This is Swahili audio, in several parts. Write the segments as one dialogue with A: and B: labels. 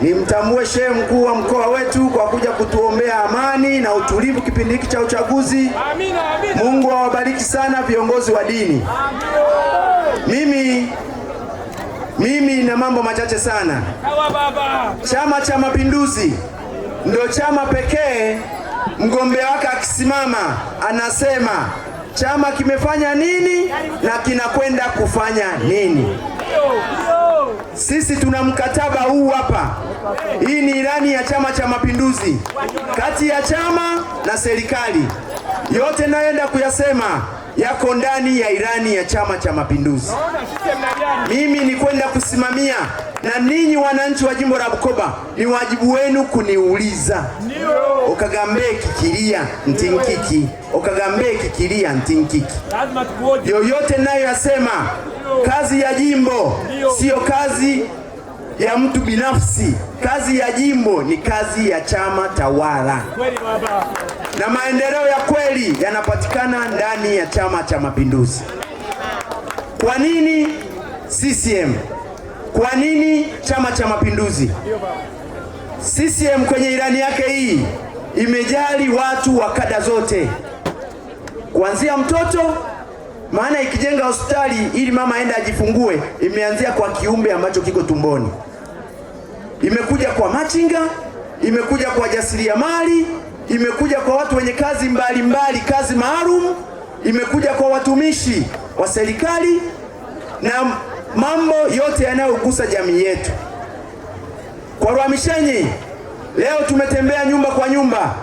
A: Nimtambue shehe mkuu wa mkoa wetu kwa kuja kutuombea amani na utulivu kipindi hiki cha uchaguzi. Mungu awabariki sana viongozi wa dini. Mimi mimi na mambo machache sana. Chama cha Mapinduzi ndio chama pekee mgombea wake akisimama anasema chama kimefanya nini na kinakwenda kufanya nini. Sisi tuna mkataba huu hapa, hii ni ilani ya Chama cha Mapinduzi kati ya chama na serikali. Yote naenda kuyasema yako ndani ya ilani ya Chama cha Mapinduzi. Mimi ni kwenda kusimamia, na ninyi wananchi wa jimbo la Bukoba ni wajibu wenu kuniuliza ukagambe kikilia ntinkiki, okagambe kikilia ntinkiki, yoyote nayo yasema Kazi ya jimbo siyo kazi ya mtu binafsi. Kazi ya jimbo ni kazi ya chama tawala, na maendeleo ya kweli yanapatikana ndani ya Chama cha Mapinduzi. Kwa nini CCM? Kwa nini Chama cha Mapinduzi? CCM kwenye ilani yake hii imejali watu wa kada zote, kuanzia mtoto maana ikijenga hospitali ili mama aende ajifungue, imeanzia kwa kiumbe ambacho kiko tumboni, imekuja kwa machinga, imekuja kwa jasiriamali, imekuja kwa watu wenye kazi mbalimbali mbali, kazi maalum, imekuja kwa watumishi wa serikali na mambo yote yanayogusa jamii yetu. Kwa Rwamishenyi leo tumetembea nyumba kwa nyumba.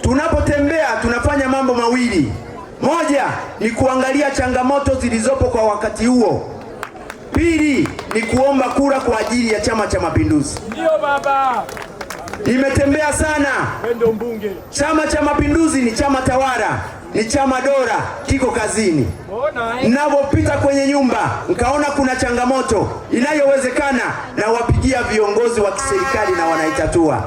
A: Tunapotembea tunafanya mambo mawili. Moja ni kuangalia changamoto zilizopo kwa wakati huo. Pili ni kuomba kura kwa ajili ya Chama cha Mapinduzi.
B: Ndio baba.
A: Nimetembea sana. mbunge. Chama cha Mapinduzi ni chama tawala, ni chama dora, kiko kazini. Eh? Ninapopita kwenye nyumba nkaona kuna changamoto inayowezekana, na wapigia viongozi wa kiserikali na wanaitatua.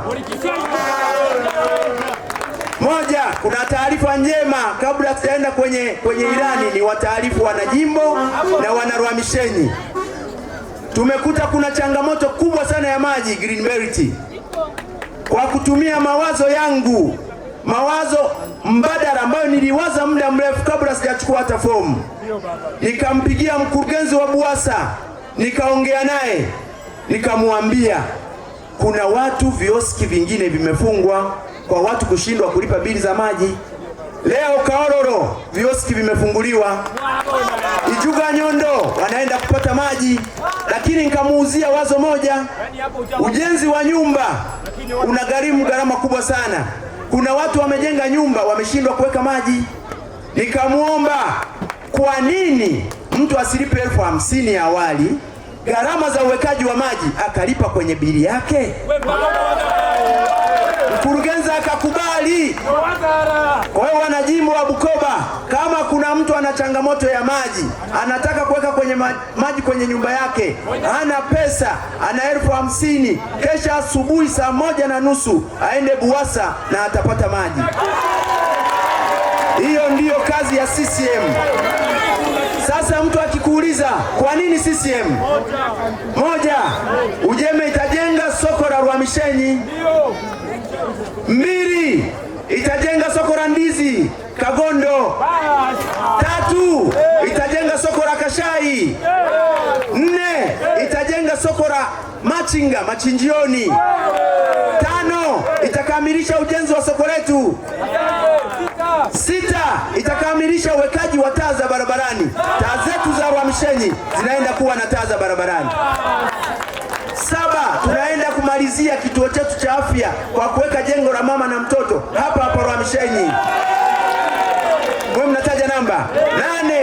A: Moja, kuna taarifa njema kabla sijaenda kwenye, kwenye ilani ni wataarifu wana jimbo na wanarwamishenyi. Tumekuta kuna changamoto kubwa sana ya maji Green Belt. Kwa kutumia mawazo yangu mawazo mbadala ambayo niliwaza muda mrefu kabla sijachukua hata fomu, nikampigia mkurugenzi wa BUWASA nikaongea naye nikamwambia kuna watu vioski vingine vimefungwa kwa watu kushindwa kulipa bili za maji. Leo Kaororo vioski vimefunguliwa, Ijuga Nyondo wanaenda kupata maji, lakini nikamuuzia wazo moja. Ujenzi wa nyumba una gharimu gharama kubwa sana. Kuna watu wamejenga nyumba wameshindwa kuweka maji, nikamwomba kwa nini mtu asilipe elfu hamsini ya awali gharama za uwekaji wa maji akalipa kwenye bili yake? mkurugenzi akakubali. Kwa hiyo wanajimbo wa Bukoba, kama kuna mtu ana changamoto ya maji, anataka kuweka kwenye maji kwenye nyumba yake, hana pesa, ana elfu hamsini, kesha asubuhi saa moja na nusu aende BUWASA na atapata maji. Hiyo ndiyo kazi ya CCM. Sasa mtu akikuuliza kwa nini CCM? Moja, Ujeme itajenga soko la Rwamishenyi mbili itajenga soko la ndizi Kagondo. Tatu itajenga soko la Kashai. Nne itajenga soko la Machinga Machinjioni. Tano itakamilisha ujenzi wa soko letu. Sita itakamilisha uwekaji wa taa za barabarani. Taa zetu za Rwamishenyi zinaenda kuwa na taa za barabarani. Saba tunaenda kumalizia kituo chetu cha afya kwa kuweka jengo la mama na mtoto hapa hapa Rwamishenyi. Wewe mnataja namba nane.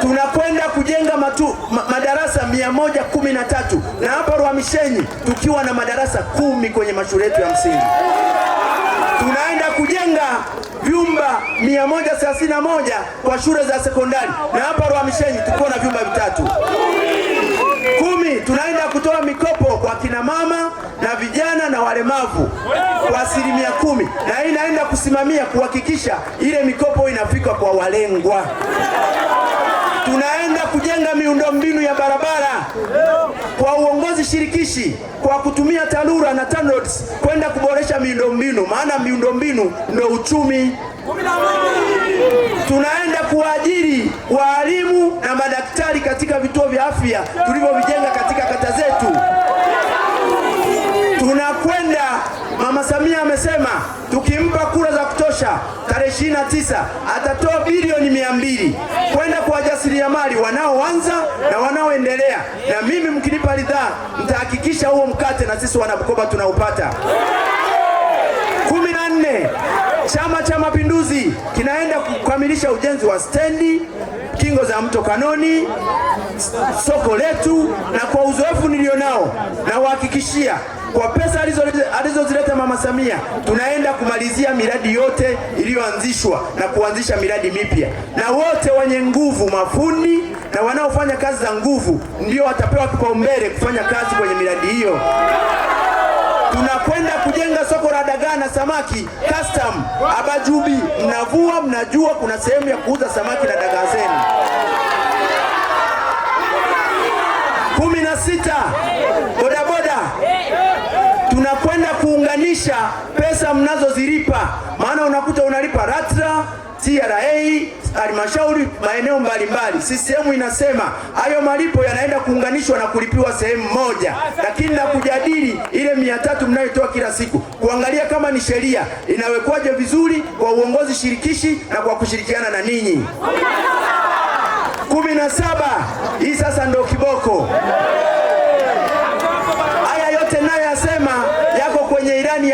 A: Tunakwenda kujenga matu, ma, madarasa mia moja kumi na tatu na hapa Rwamishenyi tukiwa na madarasa kumi kwenye mashule yetu ya msingi. Tunaenda kujenga vyumba mia moja thelathini na moja kwa shule za sekondari na hapa Rwamishenyi asilimia kumi na inaenda kusimamia kuhakikisha ile mikopo inafika kwa walengwa. Tunaenda kujenga miundombinu ya barabara kwa uongozi shirikishi kwa kutumia TARURA na TANROADS kwenda kuboresha miundombinu, maana miundombinu ndio uchumi. Tunaenda kuajiri walimu na madaktari katika vituo vya afya tulivyovijenga katika kata zetu. Mama Samia amesema tukimpa kura za kutosha tarehe ishirini na tisa atatoa bilioni mia mbili kwenda kwa wajasiriamali wanaoanza na wanaoendelea, na mimi mkinipa ridhaa mtahakikisha huo mkate na sisi wanabukoba tunaupata. kumi na nne Chama cha Mapinduzi kinaenda kukamilisha ujenzi wa stendi kingo za mto Kanoni, soko letu, na kwa uzoefu nilionao nawahakikishia kwa pesa alizozileta mama Samia, tunaenda kumalizia miradi yote iliyoanzishwa na kuanzisha miradi mipya, na wote wenye nguvu, mafundi na wanaofanya kazi za nguvu, ndio watapewa kipaumbele kufanya kazi kwenye miradi hiyo. Tunakwenda kujenga soko la dagaa na samaki custom Abajubi. Mnavua, mnajua kuna sehemu ya kuuza samaki na dagaa zenu. kumi na sita bodaboda tunakwenda kuunganisha pesa mnazozilipa, maana unakuta unalipa ratra TRA, halmashauri, maeneo mbalimbali. CCM inasema hayo malipo yanaenda kuunganishwa na kulipiwa sehemu moja, lakini na kujadili ile mia tatu mnayotoa kila siku, kuangalia kama ni sheria inawekwaje vizuri kwa uongozi shirikishi na kwa kushirikiana na ninyi. kumi na saba hii sasa ndio kiboko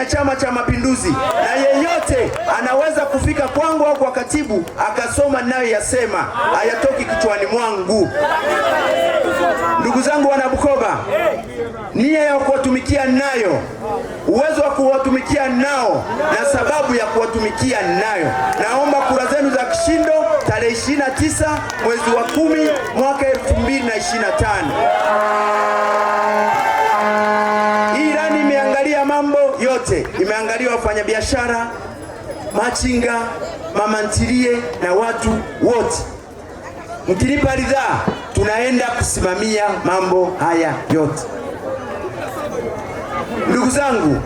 A: ya Chama cha Mapinduzi, na yeyote anaweza kufika kwangu au kwa katibu akasoma nayo yasema, hayatoki kichwani mwangu. Ndugu zangu wana Bukoba, nia ya kuwatumikia nayo, uwezo wa kuwatumikia nao, na sababu ya kuwatumikia nayo. Naomba kura zenu za kishindo tarehe 29 mwezi wa kumi mwaka 2025. yote imeangalia wafanyabiashara, machinga, mama ntilie na watu wote. Mkinipa ridhaa, tunaenda kusimamia mambo haya yote. Ndugu zangu,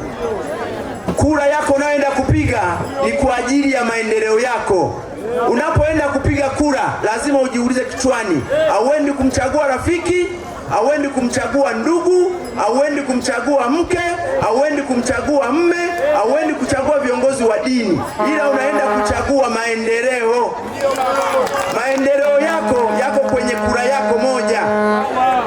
A: kura yako unayoenda kupiga ni kwa ajili ya maendeleo yako. Unapoenda kupiga kura, lazima ujiulize kichwani, auendi kumchagua rafiki, auendi kumchagua ndugu hauendi kumchagua mke, hauendi kumchagua mme, hauendi kuchagua viongozi wa dini, ila unaenda kuchagua maendeleo. Maendeleo yako yako kwenye kura yako moja.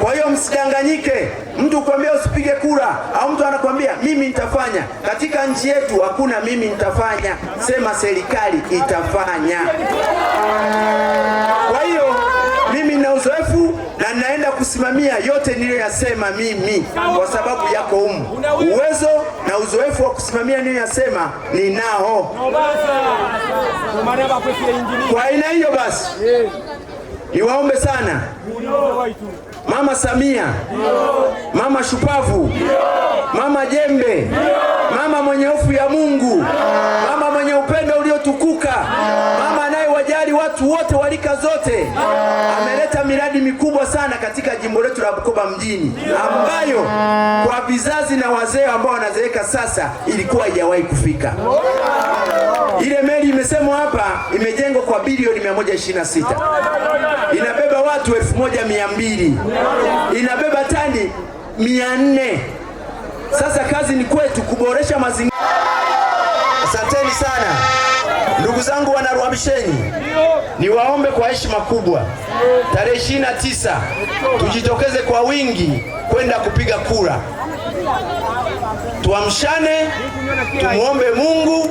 A: Kwa hiyo msidanganyike, mtu kuambia usipige kura au mtu anakwambia mimi nitafanya. Katika nchi yetu hakuna mimi nitafanya, sema serikali itafanya na naenda kusimamia yote niliyoyasema mimi, kwa sababu yako umu Uwezo na uzoefu wa kusimamia niliyoyasema ninao. Kwa aina hiyo basi, niwaombe sana Mama Samia, mama shupavu, mama jembe, mama mwenye hofu ya Mungu, mama mwenye upendo uliotukuka, mama anayewajali watu wote walika zote
B: Amen
A: kubwa sana katika jimbo letu la Bukoba mjini ambayo kwa vizazi na wazee ambao wanazeeka sasa ilikuwa haijawahi kufika. Ile meli imesemwa hapa imejengwa kwa bilioni 126, inabeba watu 1200, inabeba tani 400. Sasa kazi ni kwetu kuboresha mazingira. Asanteni sana. Ndugu zangu wanaruamsheni, niwaombe kwa heshima kubwa, tarehe ishirini na tisa tujitokeze kwa wingi kwenda kupiga kura, tuamshane, tumwombe Mungu